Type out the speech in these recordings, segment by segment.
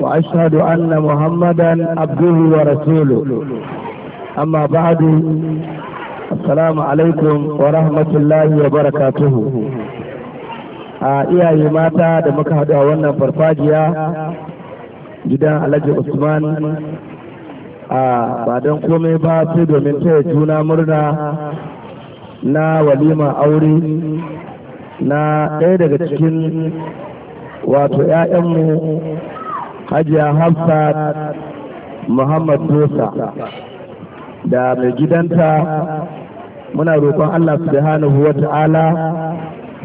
وأشهد أن محمدا عبده ورسوله أما بعد السلام عليكم ورحمة الله وبركاته a iyaye mata da muka haɗu a wannan farfajiya gidan alhaji usman a ba don komai ba sai domin taya juna murna na walima aure na ɗaya daga cikin wato 'ya'yanmu hajiya hafsa muhammad musa da mai gidanta muna roƙon allah subhanahu wa ta'ala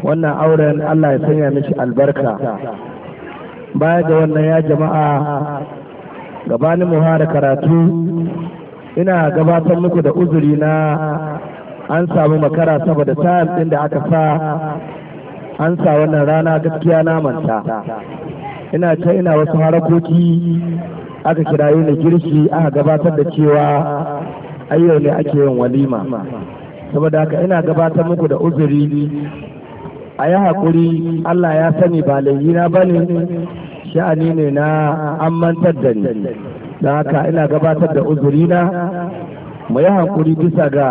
wannan auren allah ya sanya mishi albarka baya ga wannan ya jama'a gabanin mu hara karatu ina gabatar muku da uzuri na an samu makara saboda tayar ɗin da aka sa an sa wannan rana gaskiya na manta ina ta ina wasu harakoki aka yi na girki aka gabatar da cewa ayyau ne ake yin walima saboda haka ina gabatar muku da uzuri a yi haƙuri Allah ya sani ba na ba ne sha'ani ne na an mantar da ni da haka ina gabatar da uzurina mu yi haƙuri bisa ga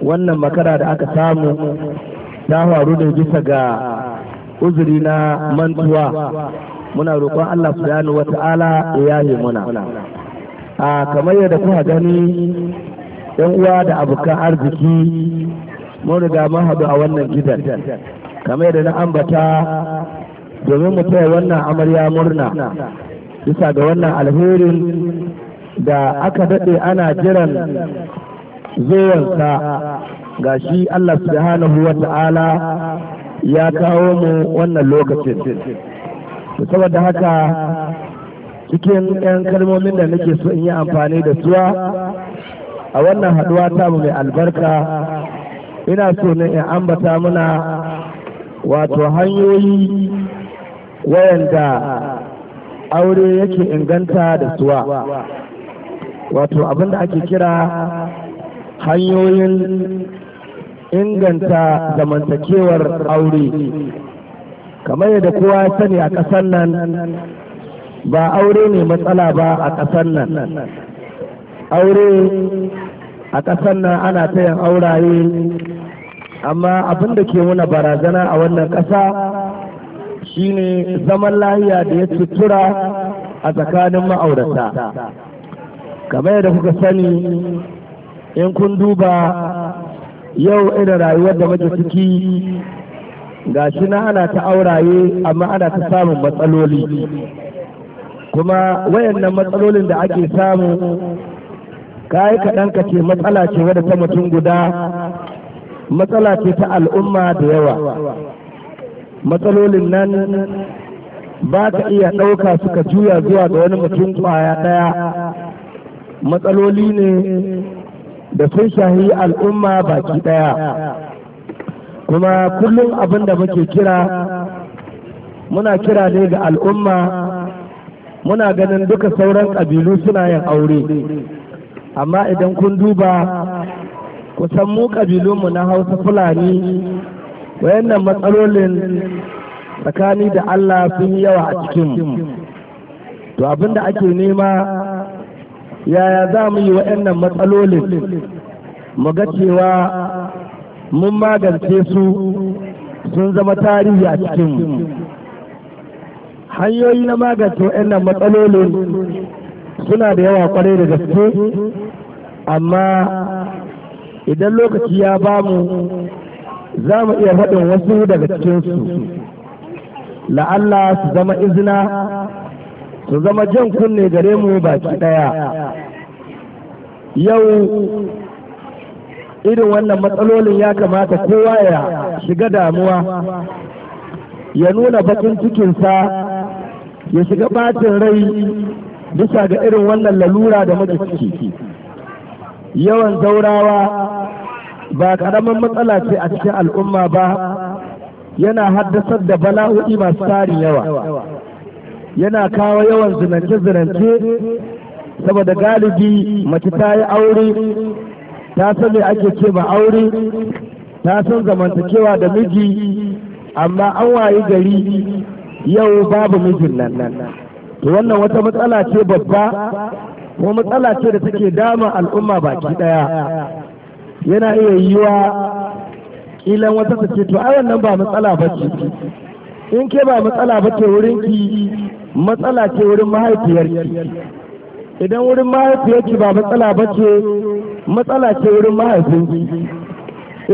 wannan makara da aka samu ta faru ne bisa ga uzuri na mantuwa muna roƙon Allah subhanahu wata'ala ya yaye muna a kamar yadda kuka gani yan uwa da abokan arziki mun riga mun haɗu a wannan gidan kamar yadda na ambata domin mu taya wannan amarya murna bisa ga wannan alherin da aka daɗe ana jiran zuwansa ga shi Allah subhanahu waTa'ala ta'ala ya kawo mu wannan lokacin to saboda haka cikin 'yan kalmomin da nake so in yi amfani da suwa a wannan haduwa ta mu mai albarka ina so ne in ambata muna wato hanyoyi wayanda aure yake inganta da suwa wato abinda ake kira hanyoyin inganta zamantakewar aure kamar yadda kowa ya sani a ƙasar nan ba aure ne matsala ba a ƙasar nan aure a ƙasar nan ana ta yin auraye amma abin da ke muna barazana a wannan ƙasa shine zaman lahiya da ya sutura a tsakanin ma'aurata kamar yadda kuka sani in kun duba yau irin rayuwar da muke ciki ga shi na ana ta auraye amma ana ta samun matsaloli kuma wayannan matsalolin da ake samu kayi kaɗan ka ce matsala ce wadda ta mutum guda matsala ce ta al'umma da yawa matsalolin nan ba ka iya ɗauka suka juya zuwa ga wani mutum ƙwaya ɗaya matsaloli ne da sun shahi al'umma baki ɗaya kuma kullum abin da muke kira muna kira ne ga al'umma muna ganin duka sauran ƙabilu suna yin aure amma idan kun duba kusan mu ƙabilunmu na hausa fulani wayannan matsalolin tsakani da allah sun yi yawa a cikinmu to abin da ake nema yaya za mu yi wayannan matsalolin mu ga cewa mun magance su sun zama tarihi a cikin hanyoyi na magance waɗannan matsalolin suna da yawa kwarai da gaske amma idan lokaci ya bamu za mu iya faɗin wasu daga cikinsu la'alla su zama izina su zama jan kunne gare mu baki ɗaya yau irin wannan matsalolin ya kamata kowa ya shiga damuwa ya nuna bakin cikinsa ya shiga bacin rai bisa ga irin wannan lalura da muke ciki yawan zaurawa ba ƙaramin matsala ce a cikin al'umma ba yana haddasar da bala'o'i masu tarin yawa yana kawo yawan zinance-zinance saboda galibi mace ta yi aure ta san me ake ce ma aure ta san zamantakewa da miji amma an wayi gari yau babu mijin nan to wannan wata matsala ce babba kuma matsala ce da take dama al'umma baki daya yana iya yiwa ilan wata ta ce to a wannan ba matsala ba ce in ke ba matsala ba ce ki matsala ce wurin mahaifiyarki idan wurin mahaifiyarki ba matsala ba ce matsala ce wurin mahaifinki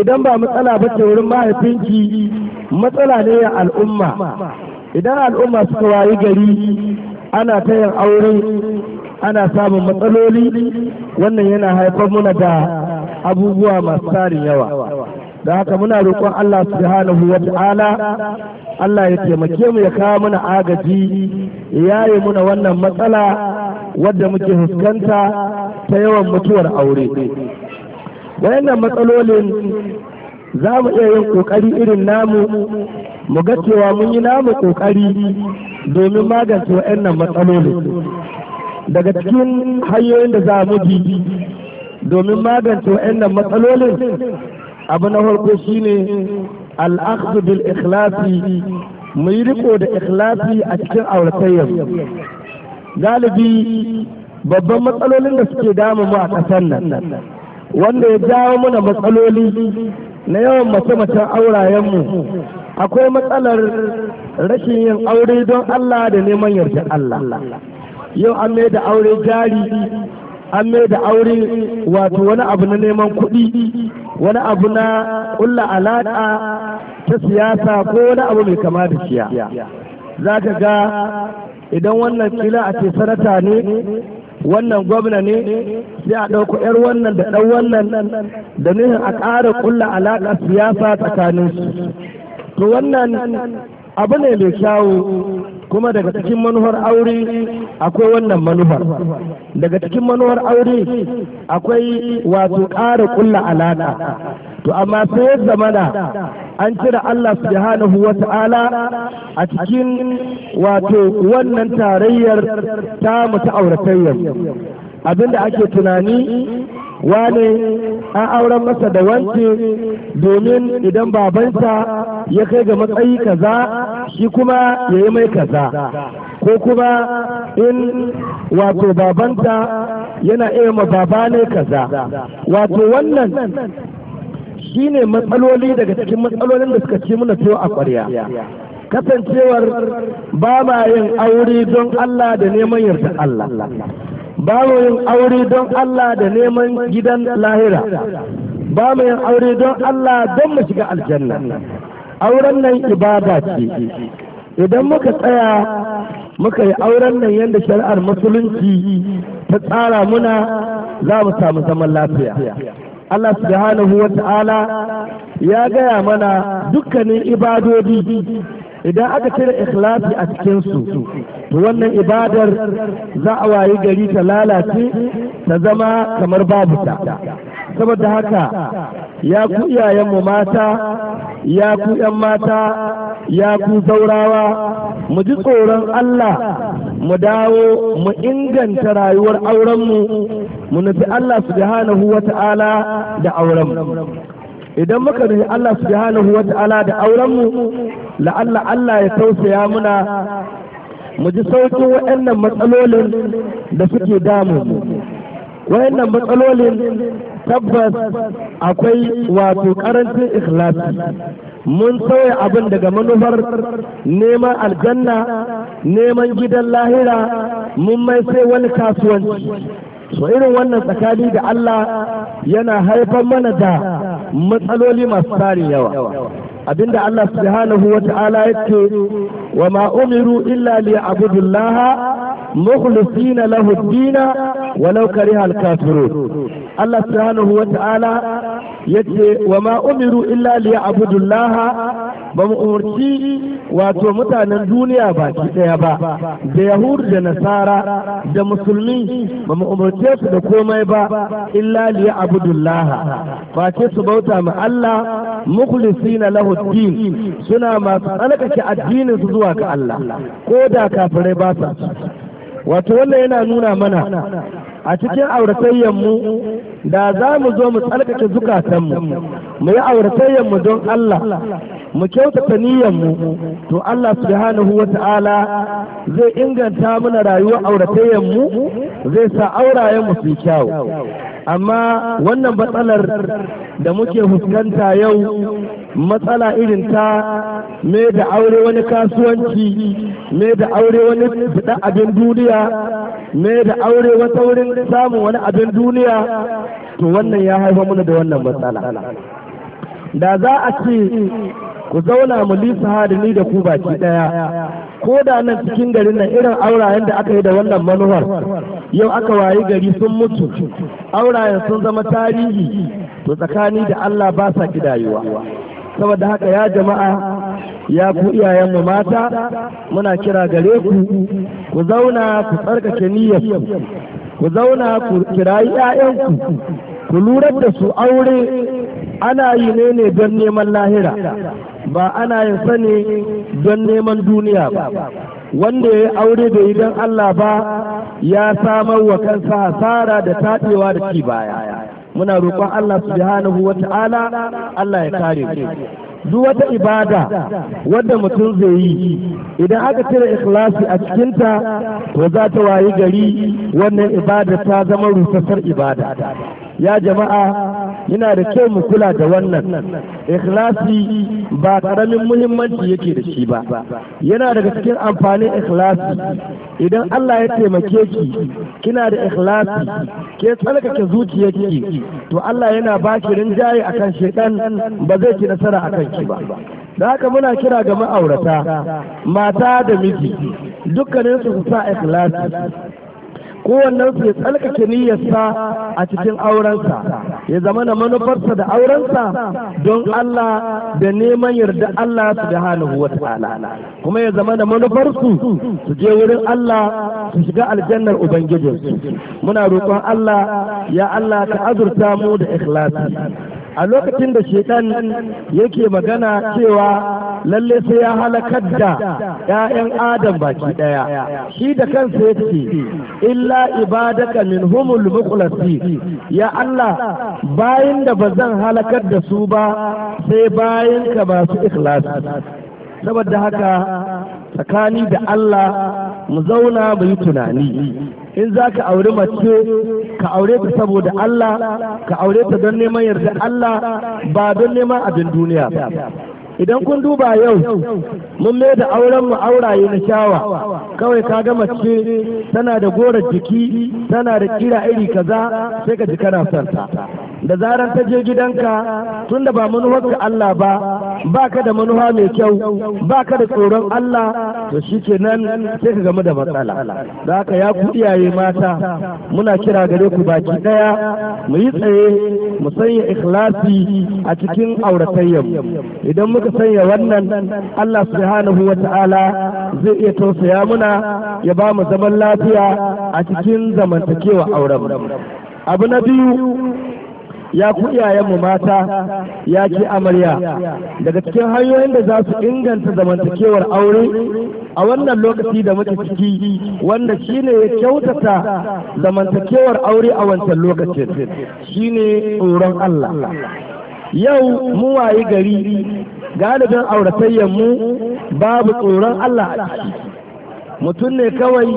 idan ba matsala ba ce wurin mahaifinki matsala ne ya al'umma idan al'umma suka wayi gari ana ta yin aure ana samun matsaloli wannan yana haifar muna da abubuwa masu tarin yawa da haka muna roƙon Allah subhanahu wa ta'ala Allah ya taimake mu ya kawo mana agaji ya yi muna wannan matsala wadda muke fuskanta ta yawan mutuwar aure wayannan matsalolin za mu iya yin ƙoƙari irin namu mu ga cewa mun yi namu ƙoƙari domin magance wayannan matsalolin daga cikin hanyoyin da za mu bi domin magance wayannan matsalolin abu na farko shine al'akhdhu bil ikhlasi mu yi riko da ikhlasi a cikin auratayyar galibi babban matsalolin da suke damu mu a ƙasar nan wanda ya jawo mana matsaloli na yawan mace-macen aurayenmu akwai matsalar rashin yin aure don Allah da neman yarda Allah yau an mai da aure jari an mai da aure wato wani abu na neman kuɗi wani abu na ƙulla alaƙa ta siyasa ko wani abu mai kama da siya za ka ga idan wannan kila a ce sanata ne wannan gwamna ne sai a ɗauko 'yar wannan da ɗan wannan da nuhin a ƙara ƙulla alaƙa siyasa tsakanin su to wannan abu ne mai kyawu kuma daga cikin manuwar aure akwai wannan manuwar daga cikin manuwar aure akwai wato ƙara ƙulla alaƙa to amma sai ya zamana an cire Allah subhanahu wa ta'ala a cikin wato wannan tarayyar ta mutu auratayyar abinda ake tunani wane an auren masa da wance domin idan babansa ya kai ga matsayi kaza shi kuma ya yi mai kaza ko kuma in wato babanta yana iya ma baba ne kaza wato wannan Shi ne matsaloli daga cikin matsalolin da suka ci mana tuwo a ƙwarya kasancewar ba ma yin aure don Allah da neman yarda Allah ba mu yin aure don Allah da neman gidan lahira ba mu yin aure don Allah don mu shiga aljanna auren nan ibada ce idan muka tsaya muka yi auren nan yadda shari'ar musulunci ta tsara muna za mu samu zaman lafiya Allah subhanahu wa ta'ala ya gaya mana dukkanin ibadodi idan aka cire ikhlasi a cikinsu to wannan ibadar za a wayi gari ta lalace ta zama kamar babu ta saboda haka ya ku iyayenmu mata ya ku ‘yan mata ya ku zaurawa mu ji tsoron Allah mu dawo mu inganta rayuwar aurenmu mu nufi Allah subhanahu wa ta'ala da aurenmu idan muka nufi Allah subhanahu wa ta'ala da aurenmu la'alla Allah ya tausaya muna mu ji sauƙin waɗannan matsalolin da suke damu waɗannan matsalolin tabbas akwai wato karancin ikhlasi mun sauya abin daga manufar neman aljanna neman gidan lahira mun mai sai wani kasuwanci so irin wannan tsakani da Allah yana haifar mana da matsaloli masu tarin yawa abinda Allah subhanahu wa ta'ala yake wa ma umiru illa li abudullaha mukhlisina lahu ad-din walau Allah subhanahu wata'ala yace wa ma umiru illa liya'budullaha ba mu umarci wato mutanen duniya baki daya ba da yahud da nasara da musulmi ba mu umarce su da komai ba illa liya'budullaha ba ce su bauta ma Allah mukhlisina lahu din suna masu tsalkake addinin su zuwa ga Allah ko da kafirai ba sa wato wannan yana nuna mana a cikin mu da za mu zo mu tsarkake zukatanmu mu yi auratayyanmu don Allah mu kyautata mu to Allah subhanahu wa ta'ala zai inganta mana rayuwar auratayyarmu zai sa aurayenmu su kyau amma wannan matsalar da muke fuskanta yau matsala irin ta me da aure wani kasuwanci me da aure wani fita abin duniya me da aure wata wurin samun wani abin duniya to wannan ya haifa mana da wannan matsala da za a ce ku zauna mu lisa da ni da ku baki daya ko da nan cikin garin nan irin aurayen da aka yi da wannan manuwar yau aka wayi gari sun mutu aurayen sun zama tarihi to tsakani da Allah ba sa kidayewa saboda haka ya jama'a ya ku iyayenmu mata muna kira gare ku ku zauna ku tsarkake niyyar ku zauna ku kirayi 'ya'yanku ku lura da su aure ana yi ne ne don neman lahira ba ana yin sani don neman duniya ba wanda ya yi aure da idan Allah ba ya samar wa kansa hasara da taɗewa da ci baya muna roƙon Allah subhanahu wa ta'ala Allah ya kare ku duk wata ibada wadda mutum zai yi idan aka cire ikhlasi a cikinta to za ta wayi gari wannan ibada ta zama rusassar ibada ya jama'a yana da kyau mu kula da wannan ikhlasi ba karamin muhimmanci yake da shi ba yana daga cikin amfanin ikhlasi idan Allah ya taimake ki kina da ikhlasi ke tsarkake zuciyarki to Allah yana baki rinjaye akan shaidan ba zai ki nasara akan ki ba da haka muna kira ga ma'aurata mata da miji dukkaninsu su sa ikhlasi kowannen su ya tsalkace niyyarsa a cikin aurensa ya zama na manufarsa da aurensa don Allah da neman yarda Allah subhanahu wa ta'ala kuma ya zama da manufarsu su je wurin Allah su shiga aljannar ubangijinsu muna roƙon Allah ya Allah ta azurta mu da ikhlasi a lokacin da shekan yake magana cewa lalle sai ya halakar da 'ya'yan adam baki ɗaya. shi da kansa yake illa ibadaka minhumul mukulasi ya Allah bayan da bazan halakar da su ba sai bayan ka masu ikhlasi saboda haka tsakani da Allah mu zauna mu yi tunani in za ka auri mace ka aure ta saboda Allah ka aure ta don neman yarda Allah ba don neman abin duniya ba. idan kun duba yau mun mai da auren mu auraye na shawa kawai ka ga mace tana da goro jiki tana da kira iri kaza sai ka ji kana son da zarar ta je gidanka tunda ba ka Allah ba ba ka da manufa mai kyau ba ka da tsoron Allah to shi ke nan sai ka gamu da matsala da haka ya ku iyaye mata muna kira gare ku baki daya mu yi tsaye mu sanya ikhlasi a cikin auratayyar idan muka muka sanya wannan Allah subhanahu wa ta'ala zai iya tausaya muna ya ba mu zaman lafiya a cikin zamantakewa auren abu na biyu ya ku mu mata ya ke amarya daga cikin hanyoyin da za su inganta zamantakewar aure a wannan lokaci da muke ciki wanda shine ya kyautata zamantakewar aure a wancan lokacin shine tsoron Allah yau mu wayi gari galibin auratayyan mu babu tsoron Allah a ciki mutum ne kawai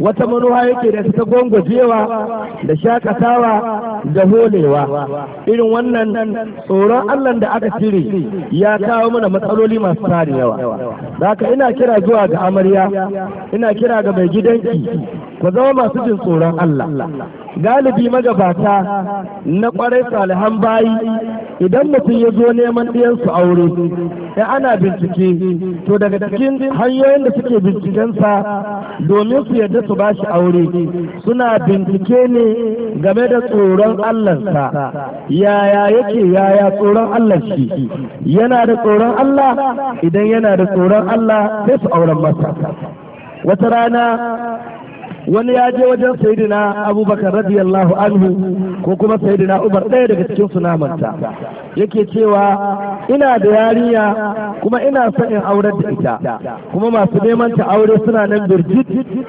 wata manuwa yake da ta gwangwajewa da shakatawa da holewa irin wannan tsoron allah da aka cire ya kawo mana matsaloli masu tarin yawa haka ina kira zuwa ga amarya ina kira ga mai gidanki ku zama masu jin tsoron allah galibi magabata na kwarai salihan bayi idan mutum ya zo neman ɗiyansu aure ya ana bincike to daga cikin hanyoyin da suke bincikensa domin su yarda su ba shi aure suna bincike ne game da tsoron Allahnsa yaya yake yaya tsoron Allah shi yana da tsoron Allah idan yana da tsoron Allah sai su auren masa wata rana wani ya je wajen sayidina abubakar radiyallahu anhu ko kuma sayidina umar ɗaya daga cikin su namanta yake cewa ina da yarinya kuma ina son in aurar da ita kuma masu neman ta aure suna nan birjit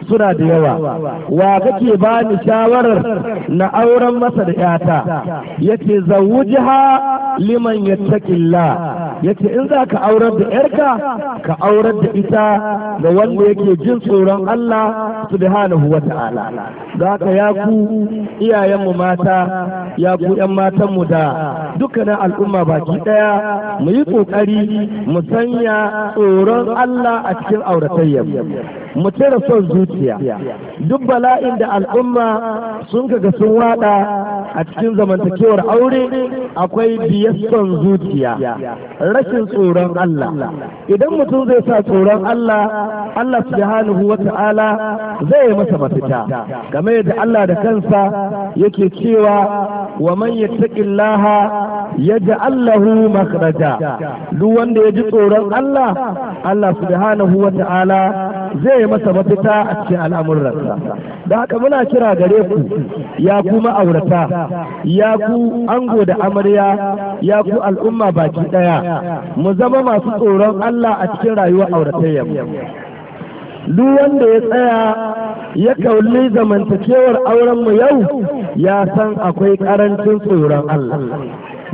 suna da yawa wa kake ba ni shawarar na auren masa da yata yace zawujha liman yattaqillah yace in za ka aurar da yarka ka aurar da ita ga wanda yake jin tsoron Allah subhanahu wa ta'ala za ka ya ku iyayenmu mata ya ku yan matanmu da dukkanin al'umma baki ɗaya mu yi kokari mu sanya tsoron Allah a cikin auratayyar mu cire son zuciya duk bala'in da al'umma sun kaga sun wada a cikin zamantakewar aure akwai biyar son zuciya rashin tsoron Allah idan mutum zai sa tsoron Allah Allah subhanahu wa ta'ala zai masa mafita game da Allah da kansa yake cewa wa man yattaqillaha yaj'al lahu makhraja duk wanda ya ji tsoron Allah Allah subhanahu wata'ala ta'ala zai yi masa mafita a cikin al'amuransa da haka muna kira gare ku ya ku ma'aurata ya ku ango da amarya ya ku al'umma baki ɗaya. mu zama masu tsoron Allah a cikin rayuwar auratayyar duk wanda ya tsaya ya kauli zamantakewar aurenmu yau ya san akwai karancin tsoron Allah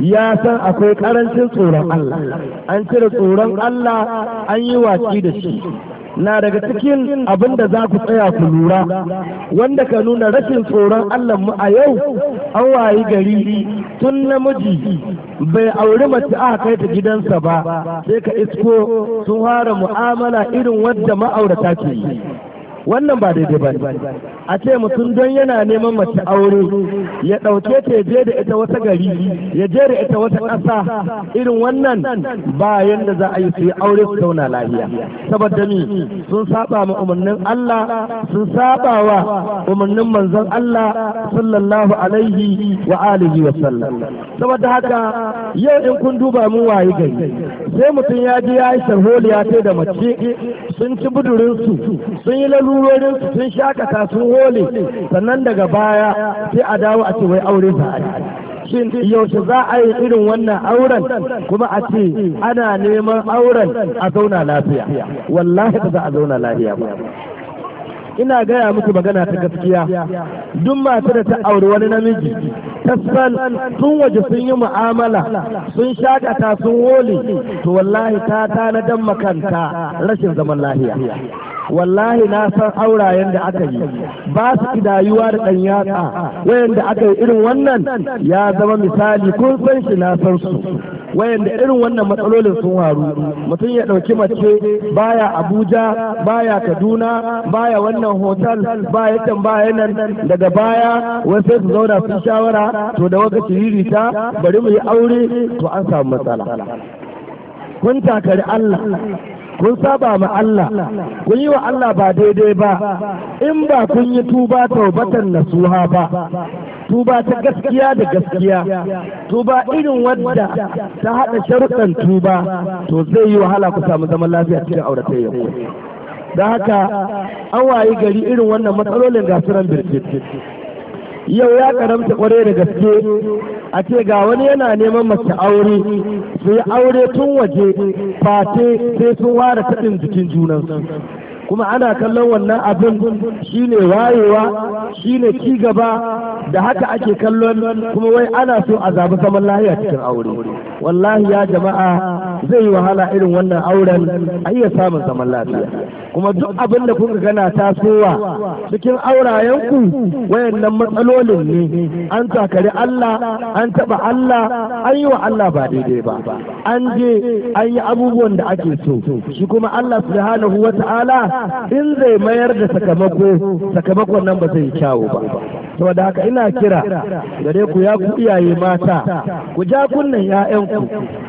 ya san akwai karancin tsoron Allah an cire tsoron Allah an yi watsi da shi na daga cikin abin da za ku tsaya ku lura wanda ka nuna rashin tsoron mu a yau an wayi gari tun namiji bai auri mace a kai ta gidansa ba sai ka isko sun fara mu'amala irin wadda ma'aurata ke yi wannan ba daidai ba a ce mutum don yana neman mace aure ya ɗauke ta je da ita wata gari ya je da ita wata ƙasa irin wannan ba yadda za a yi su yi aure su zauna lafiya saboda mi sun saba ma umarnin Allah sun saba wa umarnin manzon Allah sallallahu alaihi wa alihi wa sallam saboda haka yau in kun duba mu waye gari sai mutum ya je ya yi sharholiya ta da mace sun ci budurinsu sun yi lalu sun wurin su sun shakata sun hole sannan daga baya sai a dawo a ce aure za a shin yaushe za a yi irin wannan auren kuma a ce ana neman auren a zauna lafiya wallahi ba za a zauna lafiya ba ina gaya muku magana ta gaskiya duk mata da ta auri wani namiji ta san tun waje sun yi mu'amala sun shakata sun wole to wallahi ta tana tanadan makanta rashin zaman lafiya wallahi na san aurayen da aka yi ba su kidayuwa da ɗan yatsa wayanda aka yi irin wannan ya zama misali kun san shi na san su wayanda irin wannan matsalolin sun waru mutum ya ɗauki mace baya abuja baya kaduna baya wannan hotel baya can baya nan daga baya wasu su zauna sun shawara to da waka ta bari mu yi aure to an samu matsala kun takari allah kun saba ma Allah kun yi wa Allah ba daidai ba in ba kun yi tuba taubatan nasuha ba tuba ta gaskiya da gaskiya tuba irin wadda ta haɗa sharuɗan tuba to zai yi wahala ku samu zaman lafiya cikin auratayyar ku da haka an wayi gari irin wannan matsalolin gasuran birkit yau ya karamta kwarai da gaske a ce ga wani yana neman mace aure su yi aure tun waje fate sai sun ware kaɗin jikin junansu kuma ana kallon wannan abin shine wayewa shine ci gaba da haka ake kallon kuma wai ana so a zabi zaman lahiya cikin aure wallahi ya jama'a zai yi wahala irin wannan auren a iya samun zaman lafiya kuma duk abin da kuka gana tasowa cikin aurayenku wayannan matsalolin ne an takari Allah an taɓa Allah an yi wa Allah ba daidai ba an je an yi abubuwan da ake so shi kuma Allah subhanahu wa ta'ala in zai mayar da sakamako sakamakon nan ba zai kyawu ba saboda haka ina kira gare ku ya ku iyaye mata ku ja kunnen ƴaƴanku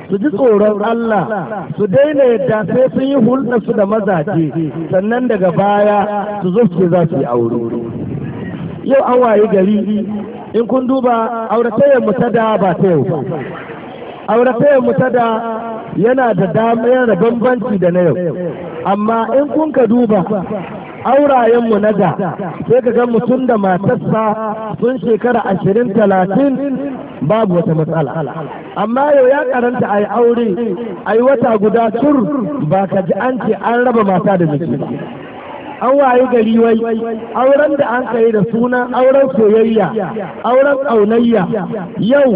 su ji tsoron Allah su daina yadda sai sun yi hulɗa su da mazaje sannan daga baya su zo su za su yi aure yau an waye gari in kun duba auratayyar mu ta da ba ta yau ba auratayyar mu ta da yana da dama yana da bambanci da na yau amma in kun ka duba aurayenmu na da sai ka ga mutum da matarsa sun shekara ashirin talatin babu wata matsala amma yau ya karanta a yi aure a yi wata guda tur ba ka ji an ce an raba mata da miji an wayi gari wai auren da an kai da suna, auren soyayya auren ƙaunayya yau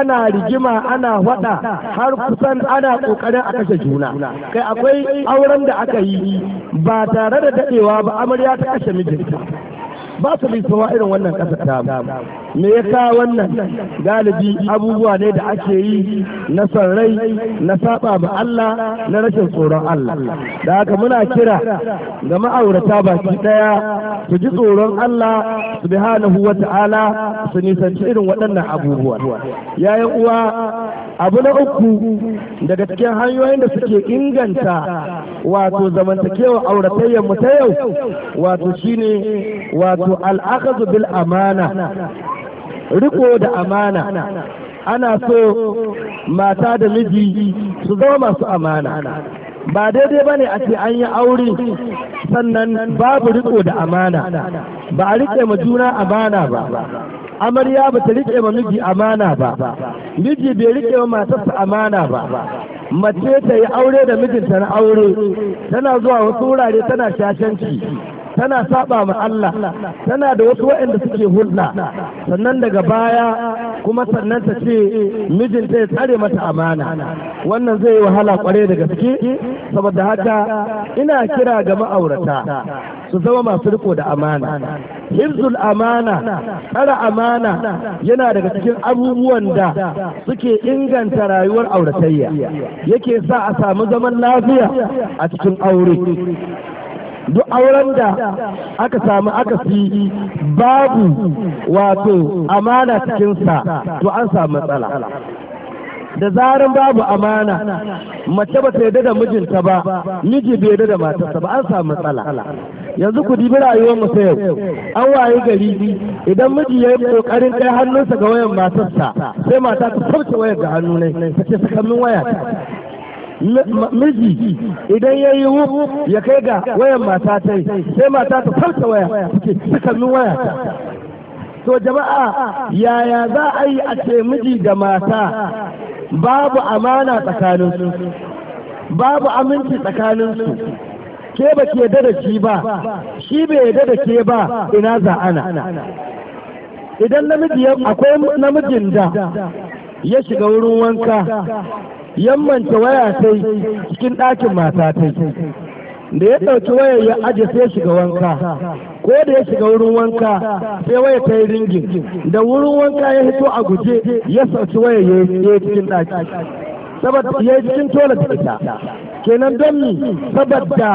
ana rigima ana faɗa har kusan ana ƙoƙarin a kashe juna kai akwai auren da aka yi ba tare da daɗewa ba amarya ta kashe mijinta ba su bi irin wannan ƙasar ta me yasa wannan galibi abubuwa ne da ake yi na son rai na saba ma Allah na rashin tsoron Allah da haka muna kira ga ma'aurata baki daya su ji tsoron Allah subhanahu wa ta'ala su nisanci irin waɗannan abubuwa yayin uwa abu na uku daga cikin hanyoyin da suke inganta wato zamantakewa auratayyar mu ta yau wato shine wato al'akazu bil amana riko da amana ana so mata da miji su zama masu amana ba daidai ba ne a ce an yi aure sannan babu riko da amana ba a riƙe ma juna amana ba amarya ba ta riƙe ma miji amana ba miji bai riƙe ma matarsa amana ba mace ta yi aure da mijinta na aure tana zuwa wasu wurare tana shashanci tana saba ma Allah tana da wasu waɗanda suke hulɗa sannan daga baya kuma sannan ta ce mijinta ya tsare mata amana wannan zai yi wahala kwarai da gaske saboda haka ina kira ga ma'aurata su zama masu riko da amana hirzul amana tsara amana yana daga cikin abubuwan da suke inganta rayuwar auratayya yake sa a samu zaman lafiya a cikin aure duk auren da aka samu aka fi babu wato amana cikinsa to an samu matsala da zarin babu amana mace ba ta yarda da mijinta ba miji bai yarda da matarsa ba an samu matsala yanzu ku dibi rayuwar mu yau, an waye gari idan miji ya yi kokarin kai hannunsa ga wayan matarsa sai mata ta sauke wayar ga hannu ne ta ce sakamin waya miji idan ya yi wu ya kai ga wayan mata ta yi, sai mata ta farta waya suke cikin waya to jama'a yaya za a yi a ce miji da mata babu amana tsakaninsu babu aminci tsakaninsu ke ba ke da shi ba shi bai yadda da ke ba ina za ana idan akwai namijin da ya shiga wurin wanka yammanta waya sai cikin ɗakin mata tai da ya ɗauki waya ya aje sai shiga wanka ko da ya shiga wurin wanka sai waya ta yi ringin da wurin wanka ya hito a guje ya sauci waya ya yi cikin ɗaki saboda ya yi cikin tola da ita kenan don mi saboda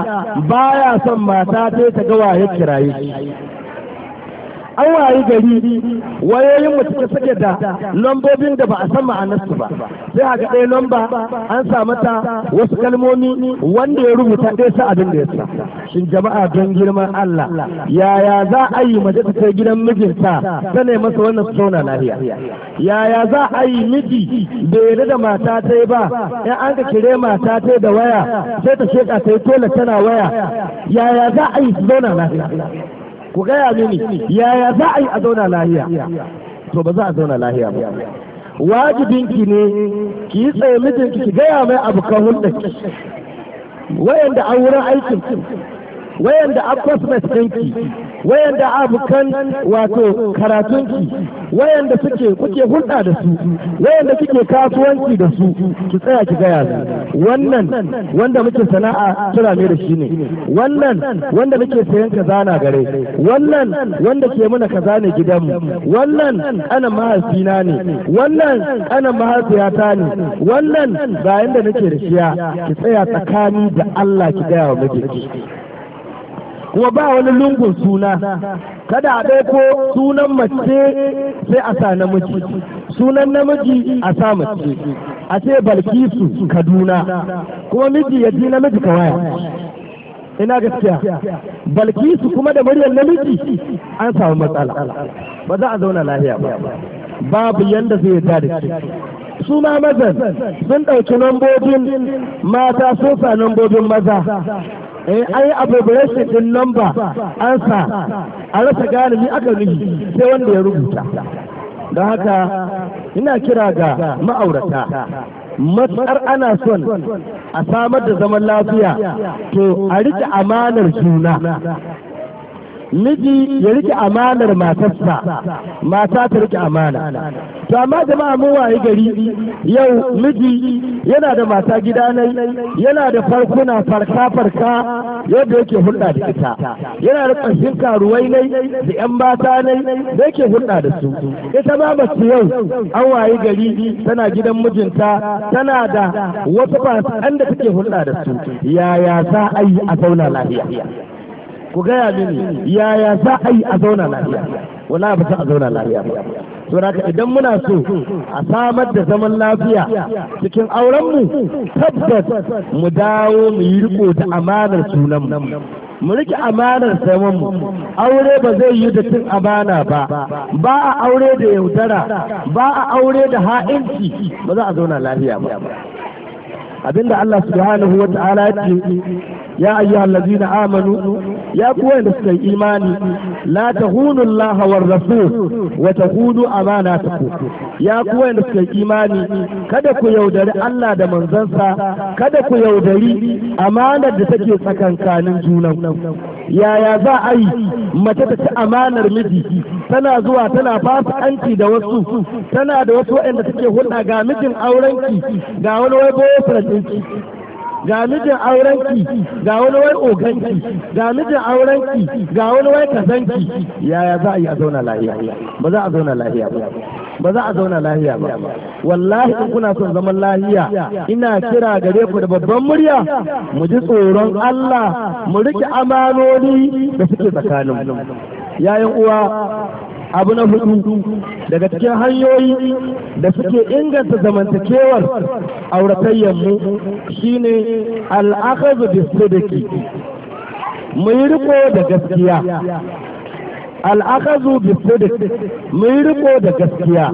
baya son mata ta ta gawa ya kiraye an wayi gari wayoyin mu suke sake da lambobin da ba a san ma'anarsu ba sai a ga ɗaya lamba an samu ta wasu kalmomi wanda ya rubuta ɗaya sa abin da ya sa shin jama'a don girman Allah yaya za a yi mace ta kai gidan mijinta ta ne masa wannan su zauna lafiya yaya za a yi miji da yarda da mata ta yi ba in an ka kire mata ta da waya sai ta sheka ta yi tole tana waya yaya za a yi su zauna lafiya ku gaya mini yaya za a yi a zauna lahiya to ba za a zauna lahiya ba wajibinki ne ki yi tsaye mijinki ki gaya mai abu kan ki wayanda an wurin aikin wayanda a cosmet ɗinki wayanda abukan wato karatunki wayanda suke kuke hulɗa da su wayanda suke kasuwanci da su ki tsaya ki gaya su wannan wanda muke sana'a kira ne da shi ne wannan wanda muke sayan kaza na gare wannan wanda ke mana kaza ne gidanmu wannan ana mahaifina ne wannan ana mahaifiyata ne wannan bayan da nake da shiya ki tsaya tsakani da Allah ki gaya wa mijinki kuma ba wani lungun suna kada a ɗauko sunan mace sai a sa namiji sunan namiji a sa mace a ce balkisu kaduna kuma miji ya ji namiji kawai ina gaskiya balkisu kuma da muryar namiji an samu matsala ba za a zauna lahiya ba babu yanda zai yarda da shi su ma mazan sun ɗauki nambobin mata sun sa lambobin maza eh ai abbreviation din number ansa a rasa galibi aka nuhi sai wanda ya rubuta don haka ina kira ga ma'aurata matsar ana son a samar da zaman lafiya to a rike amanar juna miji ya rike amanar matarsa mata ta rike amana to amma jama'a mun waye gari yau miji yana da mata gida yana da farkuna farka farka yadda yake hulɗa da ita yana da ƙarfin karuwai nai da yan mata nai da yake hulɗa da su ita ma mace yau an waye gari tana gidan mijinta tana da wasu ba da take hulɗa da su yaya za a yi a zauna lafiya ku gaya mini yaya za a yi a zauna lafiya wala ba a zauna lafiya ba to haka idan muna so a samar da zaman lafiya cikin aurenmu tabbas mu dawo mu yi riko da amanar sunan mu rike amanar samanmu aure ba zai yi da cin amana ba ba a aure da yaudara ba a aure da ha'inci ba za a zauna lafiya ba abinda Allah subhanahu wa ta'ala ya ce ya ayyuha allazina amanu ya kuwa da suka yi imani la tahunu rasu, war rasul wa tahunu amanatakum ya ku da suka yi imani kada ku yaudari Allah da manzansa kada ku yaudari amanar da take tsakankanin junan yaya za a yi mace ta ci amanar miji tana zuwa tana fasikanci da wasu tana da wasu waɗanda take hulɗa ga mijin aurenki ga wani wai boyfriend ɗinki ga mijin aurenki ga wani wai oganki ga mijin aurenki ga wani wai kazanki yaya za a yi a zauna lahiya ba za a zauna lahiya ba ba za a zauna lahiya ba wallahi in kuna son zaman lahiya ina kira gare ku da babban murya mu ji tsoron Allah mu rike amanoni da suke mu yayin uwa abu na hudu daga cikin hanyoyi da suke inganta zamantakewar auratayyarmu shine al'akazu da sadaki mu yi riko da gaskiya al'akazu da sadaki mu yi riko da gaskiya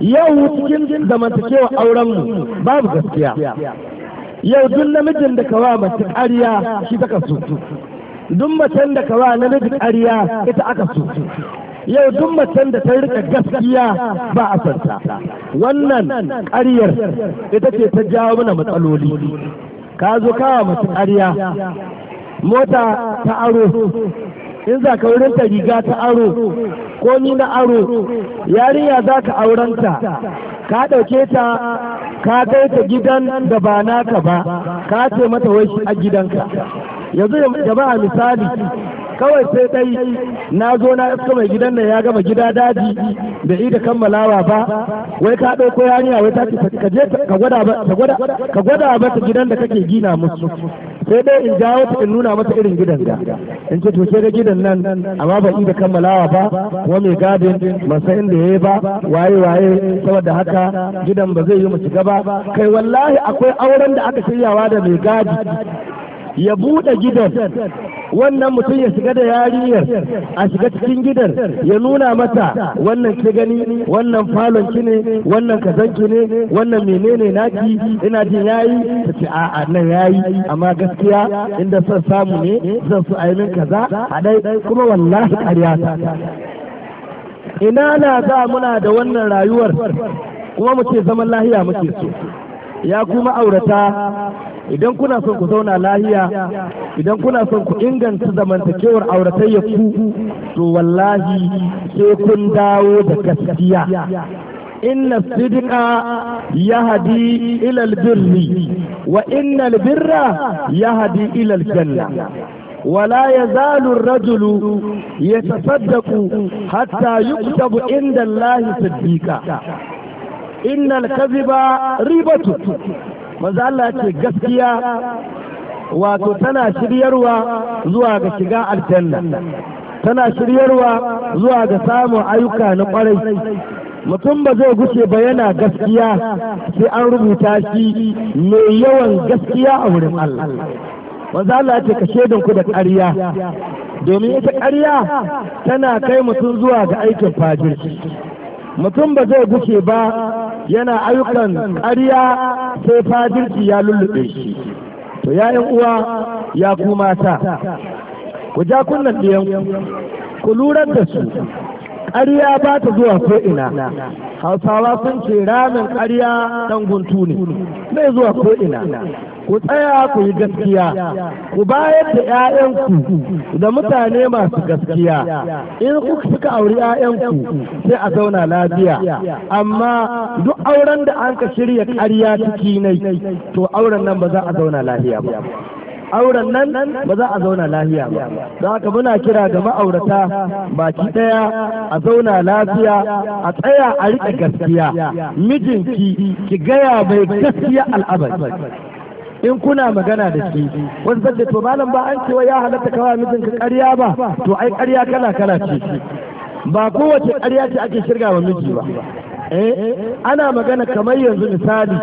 yau cikin zamantakewar aurenmu babu gaskiya yau duk namijin da kawa mace ƙarya shi ta kasu duk macen da kawa namijin ƙarya ita aka so yau duk macen da ta rika gaskiya ba a santa wannan ƙaryar ita ce ta jawo mana matsaloli ka zo kawa mace ƙarya mota ta aro in za ka wurin ta riga ta aro ko ni na aro yarinya za ka aurenta ka ɗauke ta ka kai ta gidan da ba naka ba ka ce mata wai a gidanka yanzu jama'a misali kawai sai dai na zo na iska mai gidan nan ya gama gida daji da ida kammalawa ba wai ka ɗauko yarinya wai ta ce ka je ka gwada ka gwada mata gidan da kake gina musu sai dai in jawo ta in nuna mata irin gidan da in ce to sai da gidan nan amma ba ida kammalawa ba kuma mai gadin ban san inda yayi ba waye waye saboda haka gidan ba zai yi mu shiga ba kai wallahi akwai auren da aka shiryawa da mai gadi ya buɗe gidan wannan mutum ya shiga da yariyar a shiga cikin gidan ya nuna mata wannan ke gani wannan falon ki ne wannan kazanki ne wannan menene naki ina jin yayi ta ce a nan yayi amma gaskiya inda son samu ne zan su ainihin kaza a dai kuma wallahi ƙarya ta ina na za muna da wannan rayuwar kuma mu zaman lahiya muke so ya kuma aurata idan kuna son ku zauna lahiya idan kuna son ku inganta zamantakewar auratayyar ku to wallahi sai kun dawo da gaskiya inna ya yahdi ila albirri wa inna albirra yahdi ila aljanna ولا يزال الرجل يتصدق حتى يكتب عند الله صديقا إن الكذب ريبة manzo Allah ce gaskiya wato tana shiryarwa zuwa ga shiga aljanna tana shiryarwa zuwa ga samun ayyuka na kwarai mutum ba zai gushe ba yana gaskiya sai an rubuta shi mai yawan gaskiya a wurin Allah manzo Allah ce ka shaidan ku da ƙarya domin ita ƙarya tana kai mutum zuwa ga aikin fajirci mutum ba zai gushe ba yana ayyukan ƙarya sai fadirki ya lullube shi to yayin uwa ya kuma mata ku ja kunnan ɗiyan ku lura da su ƙarya ba ta zuwa ko ina hausawa sun ce ramin ƙarya ɗan guntu ne mai zuwa ko ina ku tsaya ku yi gaskiya ku bayar da 'ya'yanku da mutane masu gaskiya in kuka suka auri 'ya'yanku sai a zauna lafiya amma duk auren da an ka shirya ƙarya ciki nai to auren nan ba za a zauna lafiya ba auren nan ba za a zauna lafiya ba za ka muna kira ga ma'aurata baki ɗaya a zauna lafiya a tsaya a riƙe gaskiya mijinki ki gaya mai gaskiya al'amari in kuna magana da shi wasu zai to malam ba an cewa ya halatta kawai mijinka ƙarya ba to ai ƙarya kala kala ce ba kowace ƙarya ce ake shirga wa miji ba Eh, ana magana kamar yanzu misali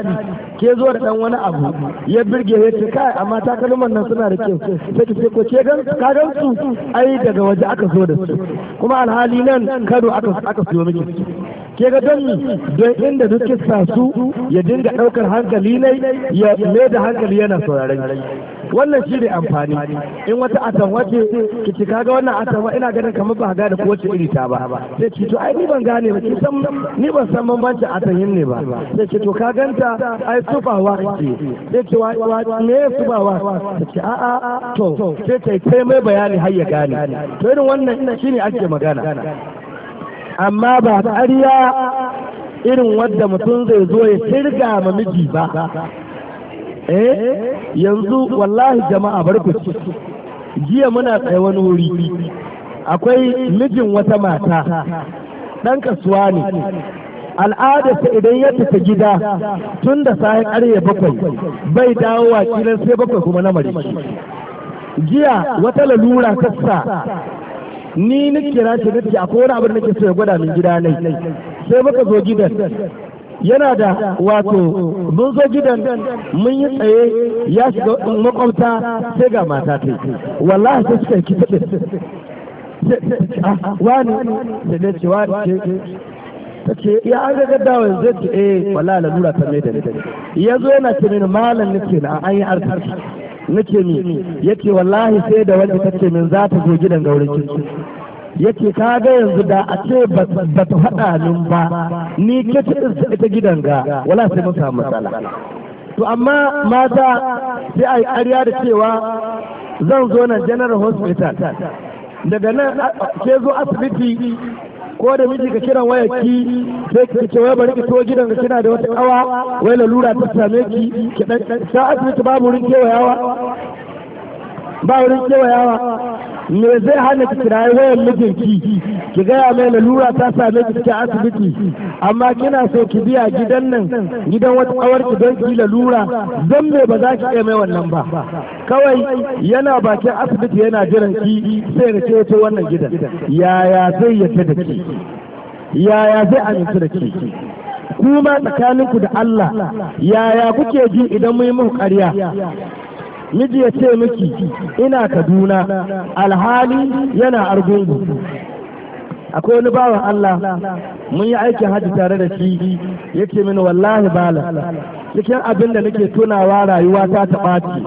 ke zo da dan wani abu ya birge ya ce kai amma takalman nan suna da kyau sai ki ce ko ce gan ka gan su ai daga waje aka zo da su kuma alhali nan Kano aka aka zo miki ke ga don don inda duk kissa su ya dinga daukar hankali ne ya mai da hankali yana sauraron wannan shi ne amfani in wata atamwa ce kici kaga wannan atamwa ina ganin kamar ba gane ko wace iri ta ba sai ki to ai ni ban gane ba ki san ni ban san bambancin atamin ne ba sai ki to ka ganta ai sufawa ce sai wa ne super sufawa ki a a'a to sai ta kai mai bayani har ya gane to irin wannan shine ake magana amma ba ƙarya irin wadda mutum zai zo ya shirga ma miji ba eh yanzu wallahi jama'a bar ku jiya muna tsaye wani wuri akwai mijin wata mata Dan kasuwa ne al'adarsa idan ya tafi gida tun da safe ƙarye bakwai bai dawo a kilan sai bakwai kuma na mare jiya wata lalura ta sa ni ni kira shi nake akwai wani abin da nake so ya gwada min gida nai sai baka zo gidan yana da wato mun zo gidan mun yi tsaye ya shiga makwabta sai ga mata ta wallahi sai suka yi kitse ah, wani da ne ce wani ce ta ce ya an ga gaddawa zai ce eh wala lalura ta mai da ni ya zo yana ce mini malam nake na an yi arziki nake mi yake wallahi sai da wanda ta ce min za ta zo gidan gaurin kinsu yake ka ga yanzu da a ce ba ta faɗa min ba ni ke ta ita gidan ga wala sai mun samu matsala to amma mata sai a yi ƙarya da cewa zan zo nan general hospital daga nan ke zo asibiti ko da miji ka kiran waya ki sai ki ce wai bari ki to gidan ka kina da wata kawa wai lalura ta same ki ki dan asibiti babu wurin kewayawa ba wurin kewayawa me zai hana ki kirayi wayar mijinki ki gaya mai lalura ta same ki cikin asibiti amma kina so ki biya gidan nan gidan wata ki don ki lalura zan me ba za ki iya mai wannan ba kawai yana bakin asibiti yana jiran ki sai da ke to wannan gidan yaya zai yadda da ke? yaya zai amince da ke? kuma tsakaninku da Allah yaya kuke ji idan mun yi muku ƙarya miji ya ce miki ina kaduna alhali yana argungu akwai wani bawan Allah mun yi aikin hajji tare da shi ya mini wallahi bala cikin abin da nake tunawa rayuwa ta ta ɓaci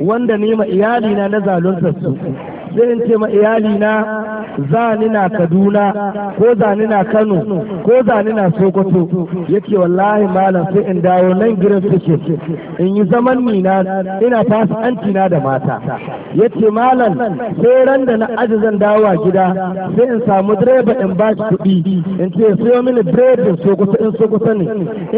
wanda nema iyalina na zalunta su zai in ce ma iyali na zani na kaduna ko zani na kano ko zani na sokoto yake wallahi malam sai in dawo nan gidan suke in yi zaman nina ina fasa antina da mata yace malam sai ran da na aji zan dawo gida sai in samu direba in ba shi kuɗi in ce siyo mini biredin sokoto in sokoto ne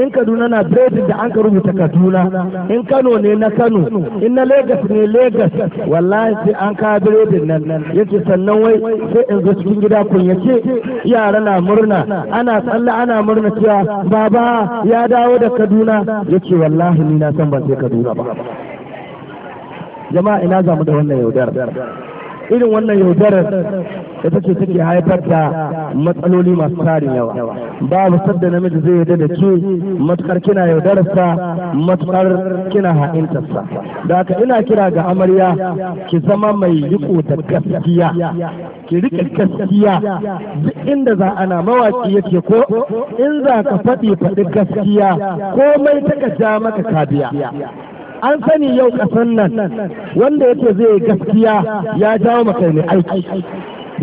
in kaduna na biredin da an ka rubuta kaduna in kano ne na kano in na Legas ne Legas wallahi sai an ka biredin yace sannan wai sai in zo cikin gida kun yace yara na murna ana tsalla ana murna cewa baba ya dawo da Kaduna yace wallahi ni na san ban sai Kaduna ba jama'a ina zamu da wannan yaudar irin wannan yaudarar da take take haifar da matsaloli masu tarin yawa babu sadda namiji zai yarda da ke matukar kina yaudararsa matukar kina ha'intarsa da haka ina kira ga amarya ki zama mai riko da gaskiya ki rike gaskiya duk inda za ana mawaki yake ko in za ka faɗi faɗi gaskiya komai ta ka ja maka kabiya an sani yau kasan nan wanda yake zai gaskiya ya jawo maka ne aiki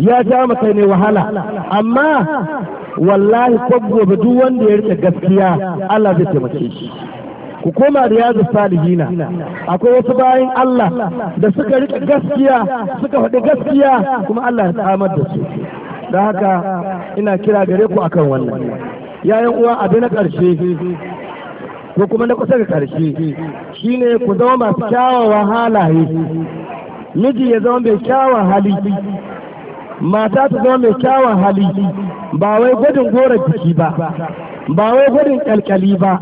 ya jawo maka ne wahala amma wallahi ko gobe duk wanda ya rike gaskiya Allah zai taimake shi ku koma da yazu salihina akwai wasu bayan Allah da suka rike gaskiya suka faɗi gaskiya kuma Allah ya tsamar da su da haka ina kira gare ku akan wannan yayan uwa abin na ƙarshe ko kuma na kusa ga ƙarshe shine ku zama masu kyawawan halaye miji ya zama mai kyawawan hali mata ta zama mai kyawawan hali ba wai gwadin gora jiki ba ba wai gwadin kyalkyali ba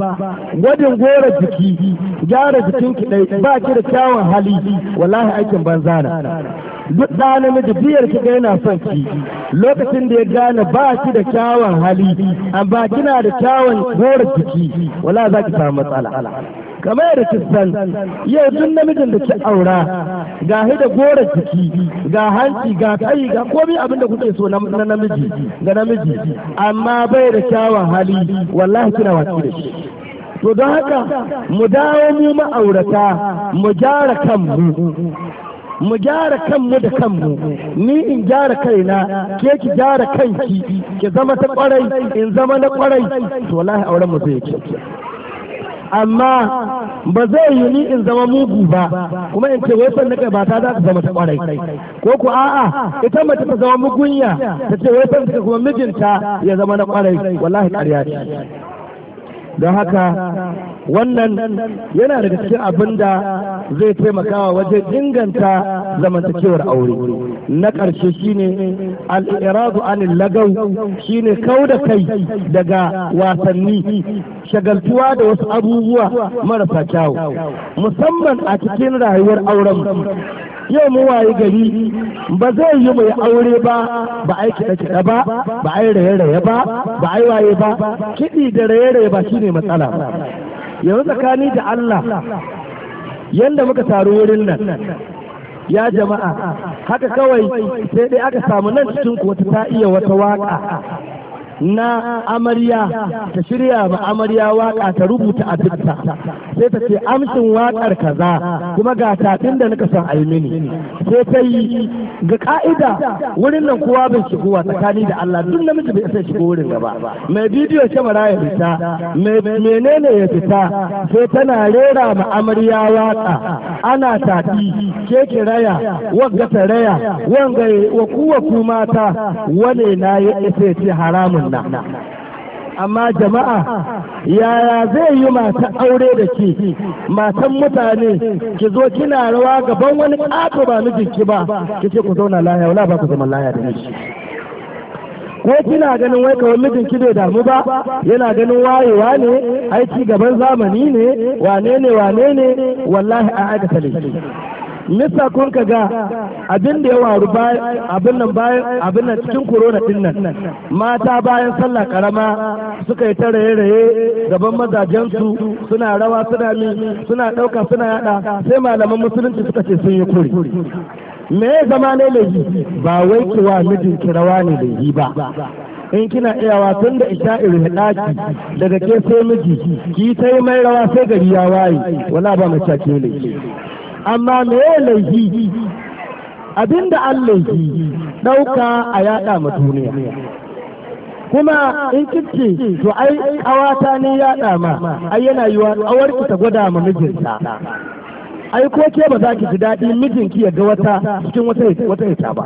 gwadin gora jiki gyara jikinki ɗai ba ki da kyawawan hali wallahi aikin banzana duk ɗa namiji biyar ki yana son ki lokacin da ya gane ba ki da kyawun hali amma kina da kyawun gora jiki wala za ki samu matsala kamar da san yau tun namijin da ki aura ga da gora jiki ga hanci ga kai ga komai abin da kuke so na namiji ga namiji amma bai da kyawun hali wallahi kina waki da shi to don haka mu dawo mu ma'aurata mu gyara kanmu mu gyara kanmu da kanmu ni in gyara kaina ke ki gyara kanki ki zama ta kwarai in zama na kwarai to wallahi auren mu zai ke amma ba zai yi ni in zama mugu ba kuma in ce wai na kai ba ta za ta zama ta kwarai ko ku a'a ita mace ta zama mugunya ta ce wai sannan kuma mijinta ya zama na kwarai wallahi ƙarya ce don haka wannan yana daga cikin abin da zai taimakawa waje inganta zamantakewar aure na ƙarshe shine al'iradu anil lagau shine kau da kai daga wasanni shagaltuwa da wasu abubuwa marasa kyau. musamman a cikin rayuwar auren yau mu waye gari ba zai yi mai aure ba ba ai kiɗa kiɗa ba ba ai raye raye ba ba ai waye ba kiɗi da raye raye ba shine matsala yanzu tsakani da Allah yanda muka taru wurin nan ya jama'a haka kawai sai dai aka samu nan cikin ku wata ta iya wata waka na amarya ta shirya ma amarya waka ta rubuta a abinta sai ta ce amshin wakar kaza kuma ga tafin da nika son ayi mini sai ta yi ga ka'ida wurin nan kowa bai shigowa tsakani da Allah duk namiji bai san shigo wurin gaba mai bidiyo kyamara ya fita menene ya fita sai tana rera ma amarya waka ana tafi ke kiraya wagga taraya wanga wa kuwa kuma mata wane na ya ce haramun zauna amma jama'a yaya zai yi mata aure da ke matan mutane ki zo kina rawa gaban wani ƙato ba mijinki ba ki ce ku zauna laya wala ba ku zama laya da miji ko kina ganin wai kawai mijinki bai damu ba yana ganin wayewa ne aiki gaban zamani ne wane ne wane ne wallahi a aikata laifi nisa kun ka ga abin da ya waru abin nan bayan abin nan cikin korona din nan mata bayan sallah karama suka yi ta raye-raye gaban mazajensu suna rawa suna mi suna ɗauka suna yada sai malaman musulunci suka ce sun yi kuri me ya zama ne laifi ba wai kiwa mijin kirawa ne laifi ba in kina iyawa tun da ita irin ɗaki daga ke sai miji ki ta yi mai rawa sai gari ya waye wala ba mace ne laifi amma me laifi abinda an laifi ɗauka a yaɗa ma duniya kuma in kicce to ai awata ne yaɗa ma ai yana yiwa awarki ta gwada ma mijinta ai ko ke ba za ki ji daɗi mijinki ya ga wata cikin wata ita ba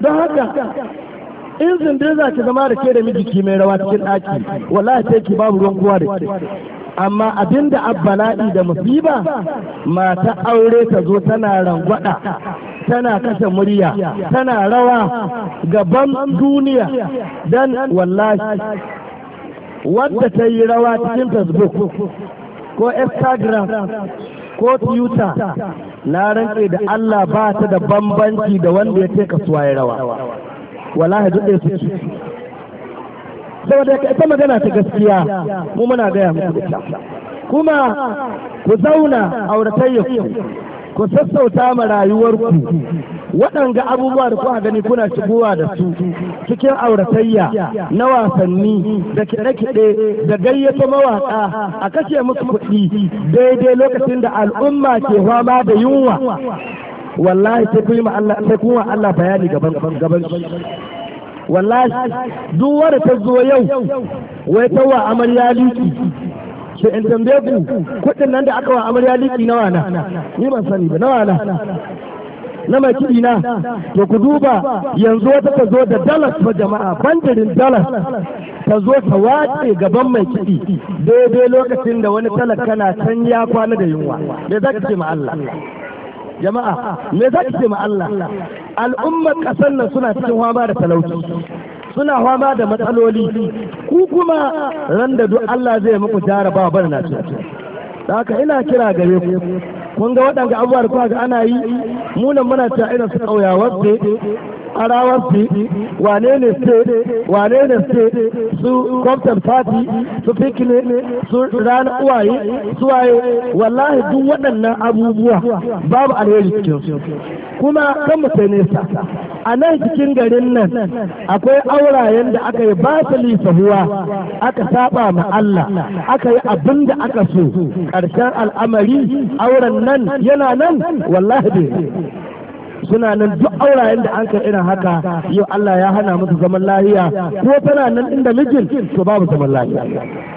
don haka in zindir za ki zama da ke da mijiki mai rawa cikin ɗaki wallahi sai ki babu ruwan kowa da ke amma abinda abbala'i da musiba mata aure ta zo tana rangwada tana kashe murya tana rawa gaban duniya dan wallahi wadda ta yi rawa cikin facebook ko instagram ko twitter na ranke da allah ba ta da bambanci da wanda ya ce kasuwa ya rawa wallahi duk da ya saboda ka ita magana ta gaskiya mu muna gaya muku ita kuma ku zauna auratayyaku ku sassauta ma rayuwarku waɗanga abubuwa da kuka gani kuna shigowa da su cikin auratayya na wasanni da kiɗe-kiɗe da gayyato mawaƙa a kashe musu kuɗi daidai lokacin da al'umma ke fama da yunwa wallahi sai kun yi Allah sai kun Allah bayani gaban gaban wallahi duk wanda ta zo yau wai ta wa amarya liki to in tambaye ku kuɗin nan da aka wa amarya liki na wana ni ban sani ba na wana na mai kiɗi na to ku duba yanzu wata ta zo da dalas ba jama'a bandirin dalas ta zo ta wace gaban mai kiɗi daidai lokacin da wani talaka na can ya kwana da yunwa me za ka ce ma Allah jama'a me za ka ce ma Allah al'ummar ƙasar nan suna cikin fama da talauci suna fama da matsaloli ku kuma ran da duk Allah zai muku jaraba ba na ce haka ina kira gare ku kun ga waɗanda abubuwa da kuka ga ana yi munan muna ta irin su ƙauyawa arawar wane ne state wane ne su kwamtar fati su fikine su ranar uwaye su waye wallahi duk waɗannan abubuwa babu alheri cikin kuma kan mutane nesa a nan cikin garin nan akwai aurayen da aka yi ba su lisahuwa aka saba ma Allah aka yi abin da aka so ƙarshen al'amari auren nan yana nan wallahi bai suna nan duk aurayen da an ka irin haka yau Allah ya hana musu zaman lahiya ko tana nan inda mijin to babu zaman lahiya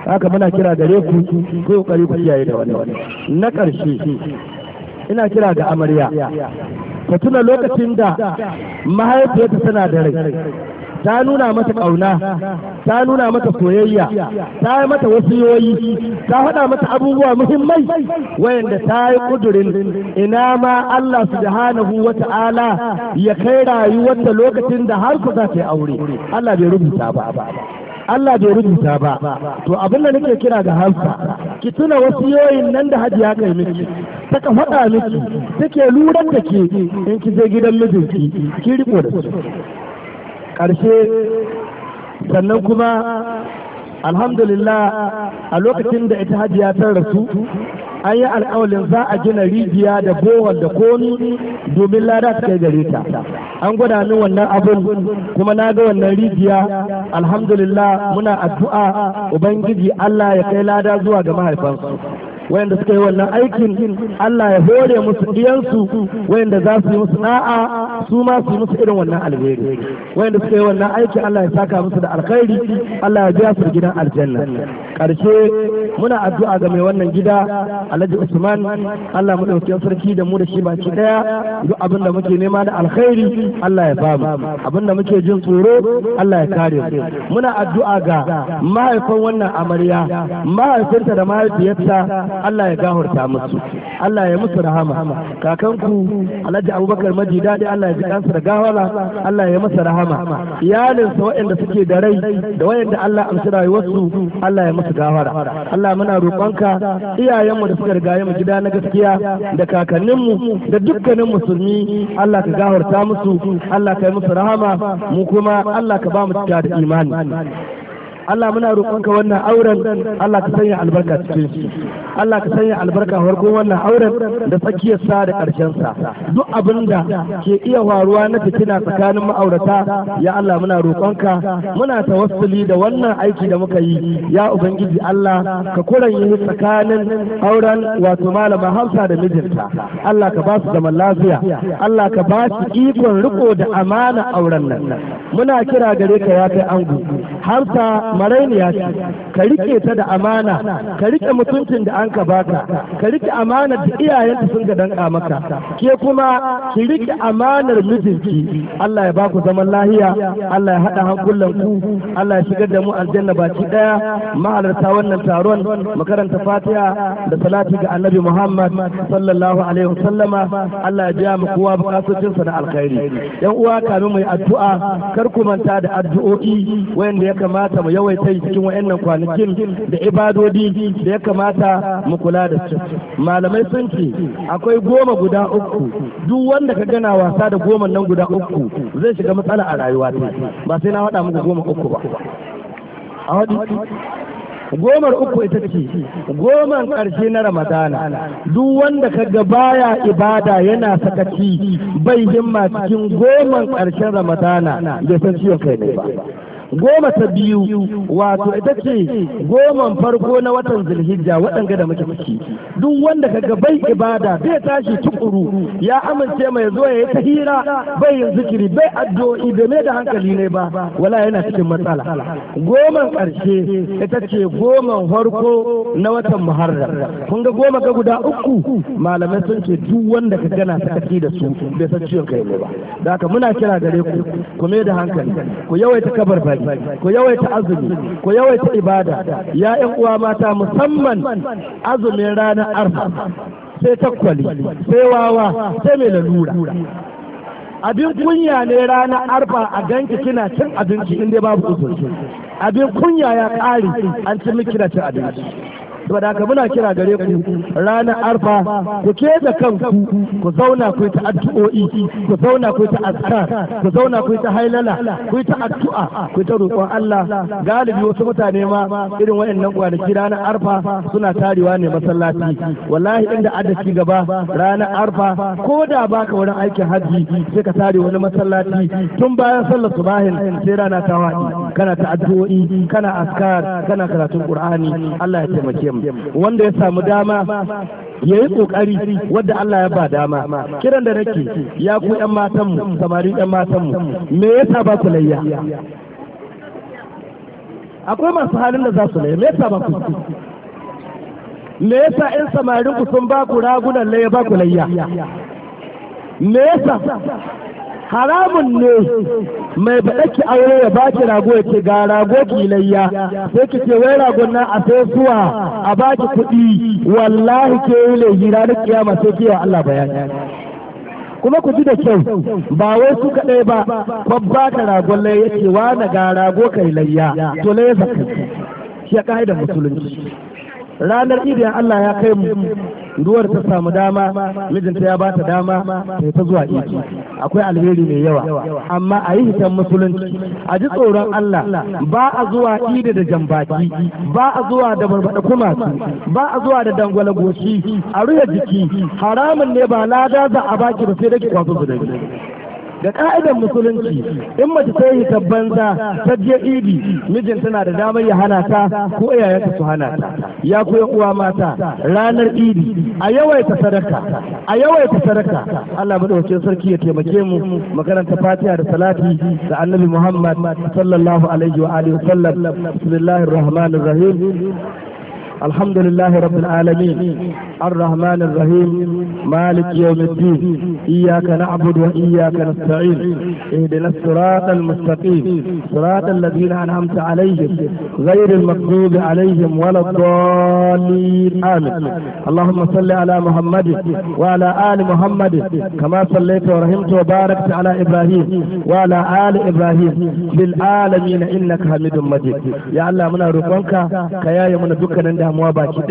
haka muna kira gare ku ko kokari ku kiyaye da wani na ƙarshe ina kira ga amarya ka tuna lokacin da mahaifiyarta tana da rai ta nuna mata ƙauna ta nuna mata soyayya ta yi mata wasiyoyi ta faɗa mata abubuwa muhimmai wayanda ta yi ƙudurin ina ma Allah subhanahu wa ta'ala ya kai rayuwarta lokacin da har ku za ta yi aure Allah bai rubuta ba Allah bai rubuta ba to abin da nake kira ga Hausa ki tuna wasiyoyin nan da Hajiya kai miki taka faɗa miki take luran da ke in ki je gidan mijinki ki riƙo da su ƙarshe sannan kuma alhamdulillah a lokacin da ita hajiya ta rasu an yi alƙawalin za a gina rijiya da bohol da komi domin lada ta kai gare ta an gwada min wannan abun kuma na ga wannan rijiya alhamdulillah muna addu'a ubangiji allah ya kai lada zuwa ga mahaifansu wayanda suka yi wannan aikin Allah ya hore musu diyansu wayanda za su yi musu da'a su ma su musu irin wannan alheri wayanda suka yi wannan aikin Allah ya saka musu da alkhairi Allah ya biya su gidan aljanna karshe muna addu'a ga mai wannan gida Alhaji Usman Allah mu dauke sarki da mu da shi baki daya duk abin da muke nema da alkhairi Allah ya bamu abin da muke jin tsoro Allah ya kare mu muna addu'a ga mahaifin wannan amarya mahaifinta da mahaifiyarta Allah ya gafarta musu Allah ya musu rahama kakanku Alhaji Abubakar Maji dadi Allah ya ji kansa da gahara, Allah ya masa rahama iyalinsa waɗanda suke da rai da waɗanda Allah amsa rayuwarsu Allah ya musu gahara. Allah muna roƙonka iyayenmu da suka rigaye mu gida na gaskiya da kakanninmu da dukkanin musulmi Allah ka gafarta musu Allah ka yi musu rahama mu kuma Allah ka ba mu cika da imani Allah muna roƙonka wannan auren Allah ka sanya albarka cikin shi Allah ka sanya albarka farkon wannan auren da tsakiyarsa da ƙarshensa duk abinda ke iya faruwa na fitina tsakanin ma'aurata ya Allah muna roƙonka muna tawassuli da wannan aiki da muka yi ya ubangiji Allah ka yi tsakanin auren wato malama Hafsa da mijinta Allah ka ba su zaman lafiya Allah ka ba su ikon riko da amana auren nan muna kira gare ka ya kai ango Hamza. ya ce ka rike ta da amana ka rike mutuncin da an ka baka ka rike amanar da iyayenta sun ga danka maka ke kuma ki rike amanar mijinki Allah ya ba ku zaman lahiya Allah ya haɗa hankulan ku Allah ya shigar da mu aljanna baki ɗaya mahalarta wannan taron makaranta fatiha da salati ga annabi Muhammad sallallahu alaihi wasallama Allah ya biya mu kowa sa na alkhairi yan uwa kamin mu yi addu'a kar ku manta da addu'o'i wayanda ya kamata mu yau ta yi cikin wa'annan kwanakin da ibadodi da ya kamata mu kula da su malamai sun ce akwai goma guda uku duk wanda ka gana wasa da goma nan guda uku zai shiga matsala a rayuwa ta ba sai na wada muku goma uku ba a gomar uku ita ce goman ƙarshe na ramadana duk wanda ka ga baya ibada yana sakaci bai himma cikin goman ƙarshen ramadana bai san ciwon kai ne ba goma ta biyu wato ita ce goman farko na watan zulhijja waɗanga da muke ciki duk wanda kaga bai ibada bai tashi tukuru ya amince mai zuwa ya yi ta hira bai yin zikiri bai addu'o'i bai mai da hankali ne ba wala yana cikin matsala goma ƙarshe ita ce goman farko na watan muharram kun ga goma ga guda uku malamai sun ce duk wanda ka gana sakaci da su bai san ciwon kai ne ba da haka muna kira gare ku ku mai da hankali ku yawaita kabar kabarbari ku yawaita azumi ku yawaita ibada ya ƴan uwa mata musamman azumin ranar arha sai takwali sai wawa sai mai lalura abin kunya ne ranar arfa a ganki kina cin abinci inda babu uzuri abin kunya ya ƙare an ci miki na cin abinci saboda haka muna kira gare ku ranar arfa ku da kanku ku zauna ku ta addu'o'i ku zauna ku ta azkar ku zauna ku ta hailala ku ta addu'a ku ta roƙon Allah galibi wasu mutane ma irin waɗannan kwanaki ranar arfa suna tarewa ne masallaci wallahi inda da ci gaba ranar arfa ko da baka wurin aikin hajji sai ka tare wani masallaci tun bayan sallar subahin sai rana ta kana ta addu'o'i kana askar kana karatun qur'ani Allah ya taimake mu wanda ya samu dama ya yi kokari wadda Allah ya ba dama kiran da nake ya ku yan matanmu samari yan matanmu me yasa ba ku layya akwai masu halin da za su layya me yasa ba ku me yasa in samarin ku sun ba ku ragunan layya ba ku layya me yasa haramun ne mai faɗa ki aure ya baki rago ya ce ga rago ki layya sai ki ce wai ragon nan a sai suwa a baki kuɗi wallahi ke yi laifi ranar kiyama sai ki Allah bayani kuma ku ji da kyau ba wai su kaɗai ba babba ta ragon lai ya ce wa na ga rago kai layya to lai ya musulunci ranar idiyan Allah ya kai mu Ruwar ta samu dama mijinta ya bata dama sai ta zuwa iki e akwai alheri mai yawa amma a yi hitan musulunci a ji tsoron Allah ba a zuwa ida da jambaki ba a zuwa da barbada kumatu ba a zuwa da dangwala goshi a ruya jiki haramun ne ba lada za a baki ba sai da kwazo su da ga ka'idar musulunci in mace ta yi banza ta je idi mijin tana da damar ya hana ta ko iyayenta su hana ta ya koya uwa mata ranar idi a yawaita sadaka a yawaita sadaka Allah madaukakin sarki ya taimake mu makaranta Fatiha da salati da Annabi Muhammad sallallahu alaihi wa alihi wasallam bismillahir rahmanir rahim alhamdulillahi rabbil alamin الرحمن الرحيم مالك يوم الدين إياك نعبد وإياك نستعين اهدنا الصراط المستقيم صراط الذين أنعمت عليهم غير المغضوب عليهم ولا الضالين آمين اللهم صل على محمد وعلى آل محمد كما صليت ورحمت وباركت على إبراهيم وعلى آل إبراهيم العالمين إنك حميد مجيد يا الله من روكونك كيا يمنا دكنا دهموا باكي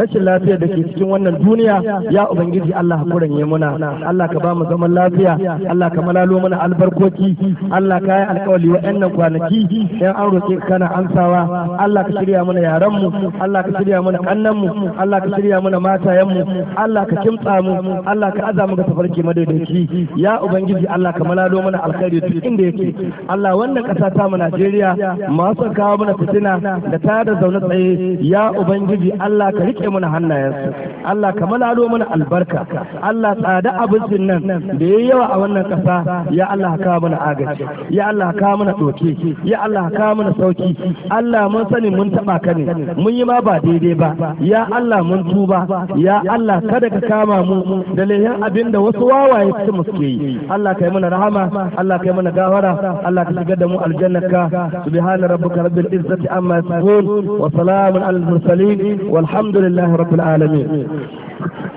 rashin lafiyar da cikin wannan duniya ya ubangiji Allah hakuran ya muna Allah ka ba mu zaman lafiya Allah ka malalo mana albarkoki Allah ka yi alkawali wa'annan kwanaki yan an roƙe kana amsawa Allah ka shirya mana yaran Allah ka shirya mana kannan Allah ka shirya mana matayenmu, Allah ka kimtsa mu Allah ka aza mu ga tafarki madaidaici ya ubangiji Allah ka malalo mana alkhairi duk inda yake Allah wannan ƙasa ta mu Najeriya masu kawo mana fitina da tada zaune tsaye ya ubangiji Allah ka rike mana hannayensu Allah ka malalo mana albarka Allah tsada abincin nan da yi yawa a wannan kasa ya Allah ka mana agaji ya Allah ka mana doke ya Allah ka mana sauki Allah mun sani mun taɓa ka ne mun yi ma ba daidai ba ya Allah mun tuba ya Allah kada ka kama mu da lehen abin da wasu wawaye su suke yi Allah kai mana rahama Allah kai mana gawara Allah ka shigar da mu aljannaka subhana rabbika rabbil izzati amma yasifun wa salamun alal mursalin walhamdulillahi rabbil alamin المسلمين